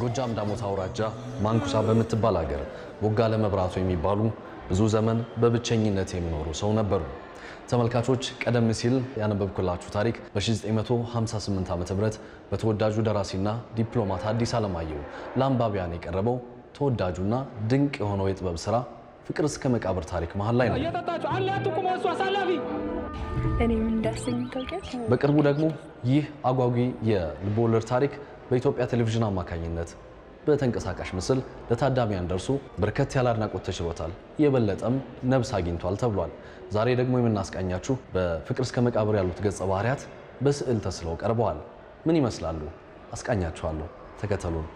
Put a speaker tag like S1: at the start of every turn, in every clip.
S1: ጎጃም ዳሞት አውራጃ ማንኩሳ በምትባል ሀገር ቦጋ ለመብራቱ የሚባሉ ብዙ ዘመን በብቸኝነት የሚኖሩ ሰው ነበሩ። ተመልካቾች ቀደም ሲል ያነበብኩላችሁ ታሪክ በ1958 ም በተወዳጁ ደራሲና ዲፕሎማት አዲስ ዓለማየሁ ለአንባቢያን የቀረበው ተወዳጁና ድንቅ የሆነው የጥበብ ስራ ፍቅር እስከ መቃብር ታሪክ መሀል ላይ ነው። በቅርቡ ደግሞ ይህ አጓጊ የልቦለድ ታሪክ በኢትዮጵያ ቴሌቪዥን አማካኝነት በተንቀሳቃሽ ምስል ለታዳሚያን ደርሱ በርከት ያለ አድናቆት ተችሎታል። የበለጠም ነብስ አግኝቷል ተብሏል። ዛሬ ደግሞ የምናስቃኛችሁ በፍቅር እስከ መቃብር ያሉት ገጸ ባህሪያት በስዕል ተስለው ቀርበዋል። ምን ይመስላሉ? አስቃኛችኋለሁ። ተከተሉን።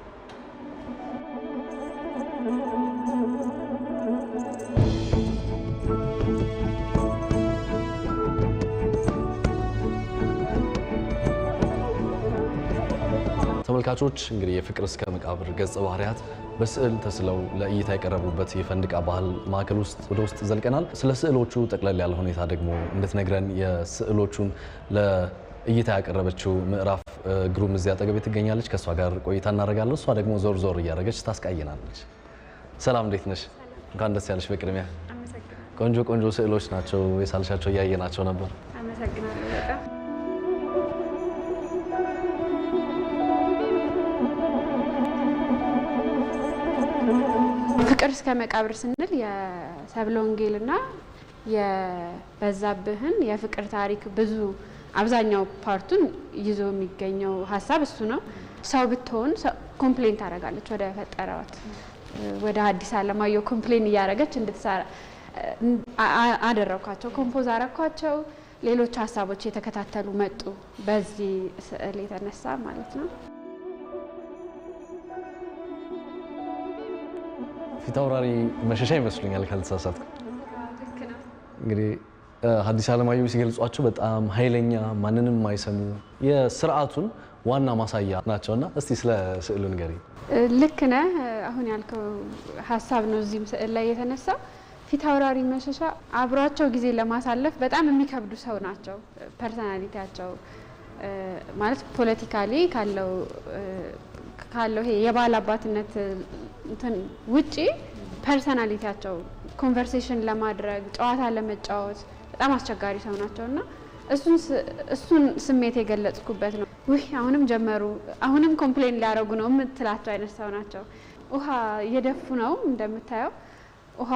S1: ተመልካቾች እንግዲህ የፍቅር እስከ መቃብር ገጸ ባህሪያት በስዕል ተስለው ለእይታ የቀረቡበት የፈንድቃ ባህል ማዕከል ውስጥ ወደ ውስጥ ዘልቀናል። ስለ ስዕሎቹ ጠቅለል ያለ ሁኔታ ደግሞ እንድትነግረን የስዕሎቹን ለእይታ ያቀረበችው ምዕራፍ ግሩም እዚያ አጠገብ ትገኛለች። ከእሷ ጋር ቆይታ እናደርጋለን። እሷ ደግሞ ዞር ዞር እያደረገች ታስቃየናለች። ሰላም፣ እንዴት ነሽ? እንኳን ደስ ያለሽ። በቅድሚያ ቆንጆ ቆንጆ ስዕሎች ናቸው የሳልሻቸው፣ እያየናቸው ነበር። አመሰግናለሁ።
S2: ፍቅር እስከ መቃብር ስንል የሰብለ ወንጌልና የበዛብህን የፍቅር ታሪክ ብዙ አብዛኛው ፓርቱን ይዞ የሚገኘው ሀሳብ እሱ ነው። ሰው ብትሆን ኮምፕሌን ታደርጋለች ወደ ፈጠረዋት ወደ አዲስ አለማየሁ ኮምፕሌን እያደረገች እንድትሰራ አደረኳቸው፣ ኮምፖዝ አረኳቸው። ሌሎች ሀሳቦች የተከታተሉ መጡ። በዚህ ስዕል የተነሳ ማለት ነው።
S1: ፊታውራሪ መሸሻ ይመስሉኛል ካልተሳሳትኩ። እንግዲህ ሐዲስ ዓለማየሁ ሲገልጿቸው በጣም ኃይለኛ፣ ማንንም የማይሰሙ የስርዓቱን ዋና ማሳያ ናቸውና እስቲ ስለ ስዕሉ ንገሪ።
S2: ልክ ነህ። አሁን ያልከው ሀሳብ ነው እዚህም ስዕል ላይ የተነሳ ፊታውራሪ መሸሻ አብሯቸው ጊዜ ለማሳለፍ በጣም የሚከብዱ ሰው ናቸው። ፐርሶናሊቲያቸው ማለት ፖለቲካሊ ካለው ካለው ይሄ የባላባትነት ውጪ ፐርሰናሊቲያቸው ኮንቨርሴሽን ለማድረግ ጨዋታ ለመጫወት በጣም አስቸጋሪ ሰው ናቸው እና እሱን ስሜት የገለጽኩበት ነው። ውህ አሁንም ጀመሩ፣ አሁንም ኮምፕሌን ሊያደርጉ ነው የምትላቸው አይነት ሰው ናቸው። ውሃ እየደፉ ነው እንደምታየው። ውሃ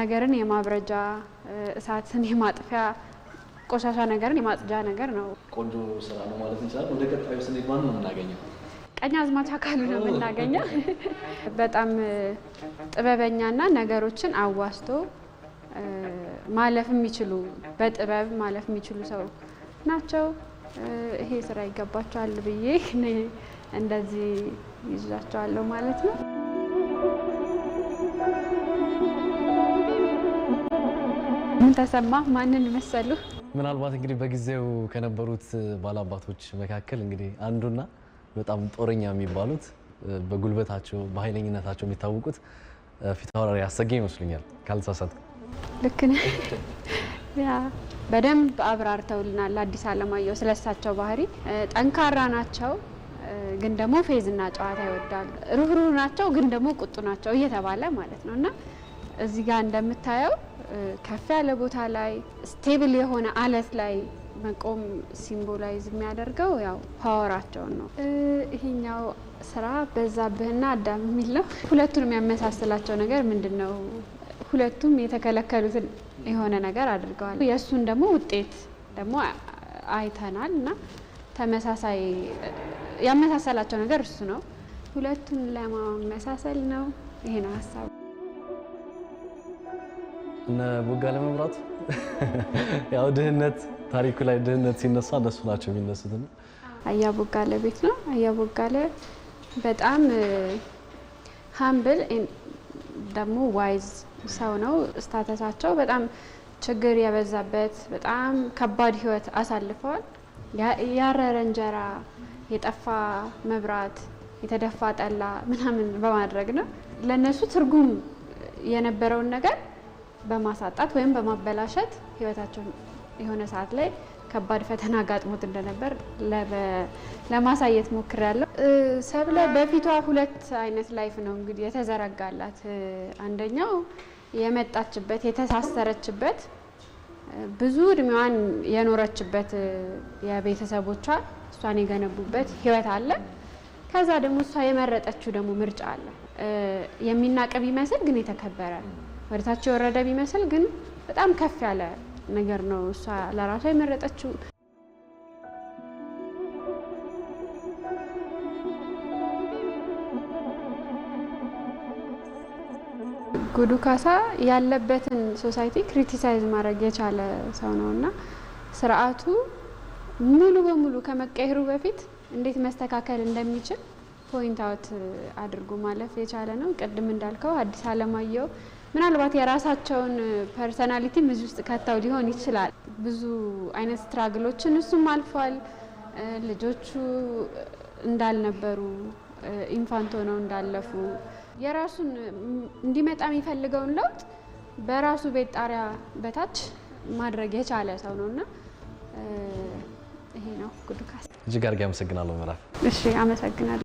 S2: ነገርን የማብረጃ እሳትን የማጥፊያ ቆሻሻ ነገርን የማጽጃ ነገር ነው።
S1: ቆንጆ ስራ ነው ማለት እንችላለን። ወደ ቀጣዩ ስንሄድ ማን ነው የምናገኘው?
S2: ቀኛዝማች አካሉ ነው የምናገኘው። በጣም ጥበበኛና ነገሮችን አዋስቶ ማለፍ የሚችሉ በጥበብ ማለፍ የሚችሉ ሰው ናቸው። ይሄ ስራ ይገባቸዋል ብዬ እንደዚህ ይዛቸዋለሁ ማለት ነው። ምን ተሰማ? ማንን መሰሉ?
S1: ምናልባት እንግዲህ በጊዜው ከነበሩት ባላባቶች መካከል እንግዲህ አንዱና በጣም ጦረኛ የሚባሉት በጉልበታቸው በኃይለኝነታቸው የሚታወቁት ፊታውራሪ አሰጌ ይመስሉኛል፣ ካልተሳሳትኩ።
S2: ልክ ነህ። በደንብ አብራርተውልናል አዲስ አለማየሁ ስለሳቸው ባህሪ። ጠንካራ ናቸው ግን ደግሞ ፌዝና ጨዋታ ይወዳሉ። ሩህሩህ ናቸው ግን ደግሞ ቁጡ ናቸው እየተባለ ማለት ነው እና እዚህ ጋር እንደምታየው ከፍ ያለ ቦታ ላይ ስቴብል የሆነ አለት ላይ መቆም ሲምቦላይዝ የሚያደርገው ያው ፓወራቸውን ነው። ይሄኛው ስራ በዛብህና አዳም የሚል ነው። ሁለቱን የሚያመሳስላቸው ነገር ምንድን ነው? ሁለቱም የተከለከሉትን የሆነ ነገር አድርገዋል። የእሱን ደግሞ ውጤት ደግሞ አይተናል እና ተመሳሳይ ያመሳሰላቸው ነገር እሱ ነው። ሁለቱን ለማመሳሰል ነው። ይሄ ነው ሀሳቡ።
S1: እነ ቦጋ ለመምራት ያው ድህነት ታሪኩ ላይ ድህነት ሲነሳ እነሱ ናቸው የሚነሱት። ነው
S2: አያ ቦጋለ ቤት ነው። አያ ቦጋለ በጣም ሀምብል ደግሞ ዋይዝ ሰው ነው። ስታተሳቸው በጣም ችግር የበዛበት በጣም ከባድ ህይወት አሳልፈዋል። ያረረ እንጀራ፣ የጠፋ መብራት፣ የተደፋ ጠላ ምናምን በማድረግ ነው ለእነሱ ትርጉም የነበረውን ነገር በማሳጣት ወይም በማበላሸት ህይወታቸውን የሆነ ሰዓት ላይ ከባድ ፈተና አጋጥሞት እንደነበር ለማሳየት ሞክሬያለሁ። ሰብለ በፊቷ ሁለት አይነት ላይፍ ነው እንግዲህ የተዘረጋላት። አንደኛው የመጣችበት የተሳሰረችበት ብዙ እድሜዋን የኖረችበት የቤተሰቦቿ እሷን የገነቡበት ህይወት አለ። ከዛ ደግሞ እሷ የመረጠችው ደግሞ ምርጫ አለ። የሚናቅ ቢመስል ግን የተከበረ ነው። ወደታች የወረደ ቢመስል ግን በጣም ከፍ ያለ ነገር ነው እሷ ለራሷ የመረጠችው። ጉዱ ካሳ ያለበትን ሶሳይቲ ክሪቲሳይዝ ማድረግ የቻለ ሰው ነው እና ስርዓቱ ሙሉ በሙሉ ከመቀየሩ በፊት እንዴት መስተካከል እንደሚችል ፖይንት አውት አድርጎ ማለፍ የቻለ ነው። ቅድም እንዳልከው አዲስ ዓለማየሁ ምናልባት የራሳቸውን ፐርሰናሊቲ እዚህ ውስጥ ከተው ሊሆን ይችላል። ብዙ አይነት ስትራግሎችን እሱም አልፏል። ልጆቹ እንዳልነበሩ ኢንፋንቶ ነው እንዳለፉ የራሱን እንዲመጣ የሚፈልገውን ለውጥ በራሱ ቤት ጣሪያ በታች ማድረግ የቻለ ሰው ነው እና ይሄ ነው ጉዱካስ።
S1: እጅግ አድርጌ አመሰግናለሁ ምዕራፍ።
S2: እሺ አመሰግናለሁ።